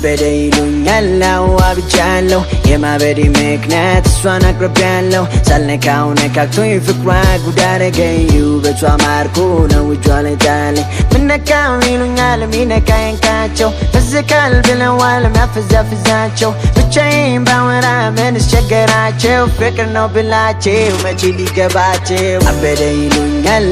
But they don't know Abedeidun, Yala, Abjalo, የማበዴ ምክንያት እሷን አቅርቤያለሁ ሳልነካው ነካክቶኝ ፍቅሯ ጉድ አደረገኝ ውበቷ ማርኮ ነው እጇ ላይ ጣለኝ ምነካው ይሉኛል ሚነካ የንካቸው እዝካል ብለዋል ሚያፈዛፍዛቸው ብቻዬን ባወራ ምን አስቸገራቸው ፍቅር ነው ብላቸው መቼ ሊገባቸው አበደ ይሉኛል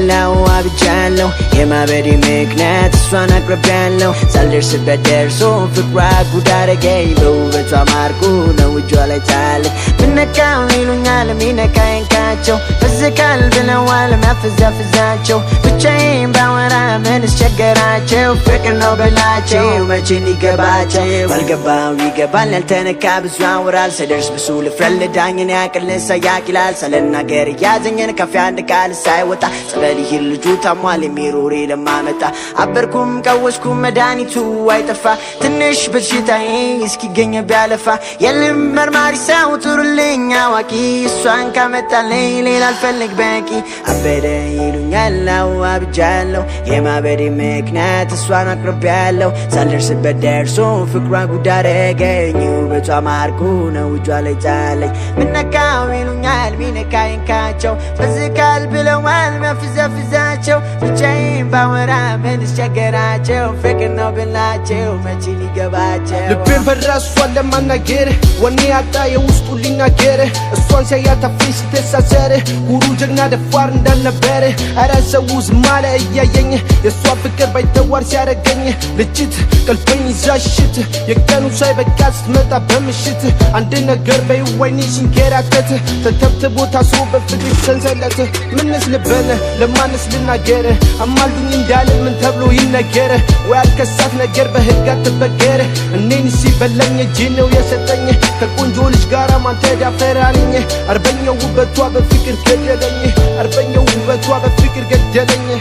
አብጃለሁ የማበዴ ምክንያት እሷን አቅርቤያለሁ ሳልደርስበት ደርሶ ፍቅሯ ጉድ አደረገኝ በውበቷ ማርኮ ነው 热来在流。ይነካው ይሉኛል ሚነካይን ካቸው እዝካል ብለዋል ማፍዛፍዛቸው ብቻዬን ባወራ ምን አስቸገራቸው ፍቅር ነው በላቸው መቼን ይገባቸው ባልገባው ይገባል ያልተነካ ብዙ አውራል ስደርስ ብሱ ልፍረል ዳኝን ያቅል ሰያቅ ይላል ስለናገር እያዘኝን ከፍ አንድ ቃል ሳይወጣ ጸበል ይህን ልጁ ታሟል የሚሮሬ ለማመጣ አበርኩም ቀወስኩም መድኃኒቱ አይጠፋ ትንሽ በሽታዬ እስኪገኝ ቢያለፋ የልም መርማሪ ሰው ጥሩልኝ ጓደኛው አዋቂ እሷን ካመጣልኝ ሌላ አልፈልግ በቂ አበደ ይሉኛል አው አብጃለሁ የማበዴ ምክንያት እሷን አቅርቤያለሁ ሳልደርስበት ደርሶ ፍቅሯ ጉድ አደረገኝ ውበቷ ማርኩ ነው እጇ ላይ ጫለኝ ምነካው ይሉኛል ሚነካይንካቸው ፈዝካል ብለዋል መፍዘፍዘ ናቸው። ብቻዬን ባወራ ምን ስቸገራቸው? ፍቅር ነው ብላቸው መቼ ሊገባቸው? ልቤን በራ እሷን ለማናገር ወኔ ያጣ የውስጡ ሊናገር እሷን ሲያያት ስትሳሰር ጉሩ ጀግና ደፋር እንዳልነበር አረ ሰው ዝም እያየኝ የእሷ ፍቅር ባይተዋር ሲያረገኝ ልጅት ቀልበኝ ይዛሽት የቀኑ ሳይበቃ ስትመጣ በምሽት አንድ ነገር በይወይኒ ሲንከራተት ተተብትቦ ታስሮ በፍቅር ሰንሰለት ምንስ ልበን ለማንስ ልና ተናገረ አማልዱኝ እንዳለ ምን ተብሎ ይነገረ ወይ አልከሳት ነገር በህግ አትበገረ እኔን ሲበለኝ እጅ ነው የሰጠኝ ከቆንጆ ልጅ ጋር ማን ተዳፈረ አለኝ አርበኛው ውበቷ በፍቅር ገደለኝ አርበኛው ውበቷ በፍቅር ገደለኝ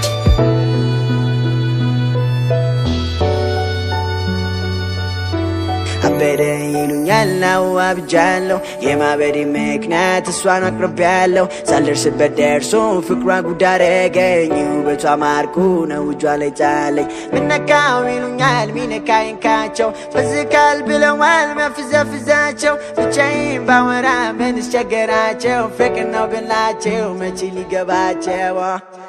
አበደ ይሉኛልናው አብጃለሁ የማበድ ምክንያት እሷን ያለው ሳልደርስበት ደርሶ ፍቅሯ ጉዳር ገኝ ውበቷ ማርኩ ነው እጇ ላይ ጫለኝ ምነካው ይሉኛል ሚነካይንካቸው ፈዝካል ብለዋል መፍዘፍዛቸው ብቻይን ባወራ ምን ስቸገራቸው ፍቅር ነው ብላቸው መቼ ሊገባቸው